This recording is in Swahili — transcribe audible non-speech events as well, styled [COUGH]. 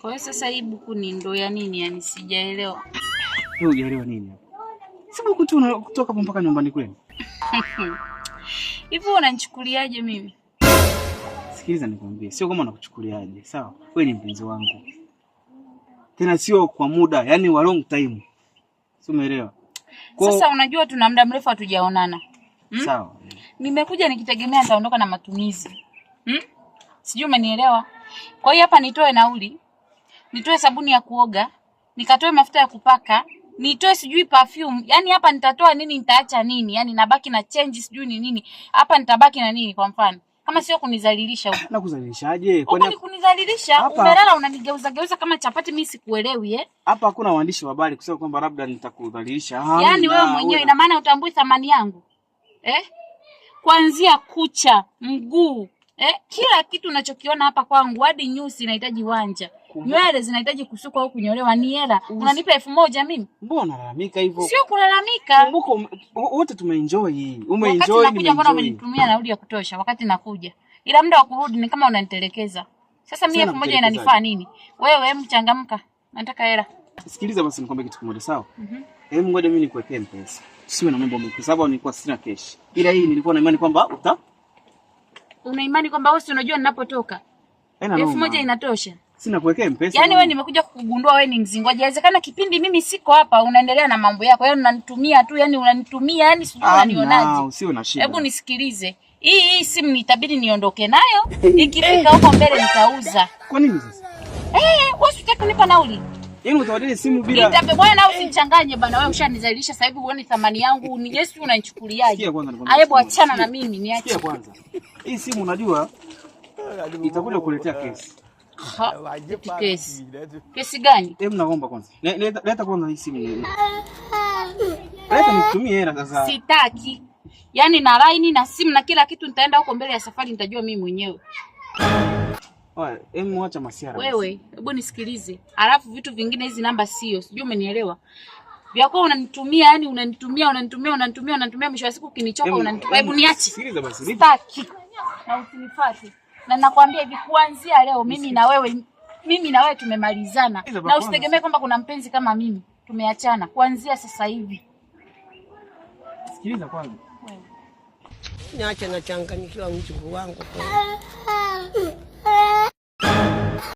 Kwa hiyo sasa hii buku ni ndo ya nini? Yani sijaelewa. Wewe hujaelewa nini Si buku tu kutoka hapo mpaka nyumbani kwenu. [LAUGHS] Hivi unanichukuliaje mimi? Sikiliza nikwambie, sio kama unakuchukuliaje, sawa? Wewe ni mpenzi wangu. Tena sio kwa muda, yani wa long time. Si umeelewa? Kwa... Sasa unajua tuna muda mrefu hatujaonana. Hmm? Sawa. Nimekuja nikitegemea nitaondoka na matumizi. Hmm? Sijui umenielewa. Kwa hiyo hapa nitoe nauli nitoe sabuni ya kuoga, nikatoe mafuta ya kupaka, nitoe sijui perfume. Yani hapa nitatoa nini, nitaacha nini? Yani nabaki na change sijui ni nini. Hapa nitabaki na nini kwa mfano? Kama sio kunizalilisha huko. Na kuzalilishaje? Kwa nini kunizalilisha? Umelala unanigeuza geuza kama chapati mimi sikuelewi eh? Hapa hakuna waandishi wa habari kusema kwamba labda nitakudhalilisha. Yani wewe mwenyewe ina maana utambui thamani yangu. Eh? Kuanzia kucha, mguu, eh, kila kitu unachokiona hapa kwangu hadi nyusi inahitaji wanja nywele zinahitaji kusukwa au kunyolewa, ni hela unanipa elfu moja mimi. Mbona unalalamika hivyo? Sio kulalamika, kumbuka um, wote tumeenjoy. Umeenjoy, nimekuja, mbona umenitumia nauli ya kutosha wakati nakuja, ila muda wa kurudi ni kama unanitelekeza. Sasa mimi elfu moja inanifaa nini? Wewe mchangamka, nataka hela. Sikiliza basi, nikwambie kitu kimoja, sawa? mm Hebu ngoja mimi nikuwekee mpesa, siwe na mambo mengi, kwa sababu nilikuwa sina keshi, ila hii nilikuwa na imani kwamba uta una imani kwamba wewe unajua ninapotoka elfu moja inatosha. Sina kuwekea mpesa. Yaani wewe nimekuja kukugundua wewe ni mzingoja. Inawezekana kipindi mimi siko hapa unaendelea na mambo yako. Yaani unanitumia tu, yaani unanitumia, yaani sijui ah, unanionaje. Usio na shida. Hebu nisikilize. Hii hii simu nitabidi niondoke nayo. [LAUGHS] Ikifika huko mbele nitauza. Kwa nini sasa? Eh, eh wewe usitaki kunipa nauli. Yaani utawadili simu bila. Nitape bwana usinichanganye bana, wewe ushanizalisha sasa hivi uone thamani yangu. Ni Yesu unanichukuliaje? Sikia kwanza Hebu achana na mimi niache. Sikia kwanza. Hii simu unajua itakuja kuletea kesi. Kesi kesi gani? Hebu naomba kwanza, leta kwanza hii simu, leta eh. nitumie hela sasa. Sitaki yaani, na laini na simu na kila kitu, nitaenda huko mbele ya safari, nitajua mimi mwenyewe. Hebu acha masiara wewe, hebu nisikilize, alafu vitu vingine hizi namba sio, sijui umenielewa vyako unanitumia, yani unanitumia, unanitumia, unanitumia, unanitumia, mwisho wa siku ukinichoka unanitumia. Hebu niache. Sikiliza basi. Sitaki. Na usinifuate na nakwambia hivi kuanzia leo mimi na wewe mimi na wewe tumemalizana, na usitegemee kwamba kuna mpenzi kama mimi. Tumeachana kuanzia sasa hivi. Sikiliza kwanza, niache nachanganyikiwa mchungu wangu kwa [LAUGHS]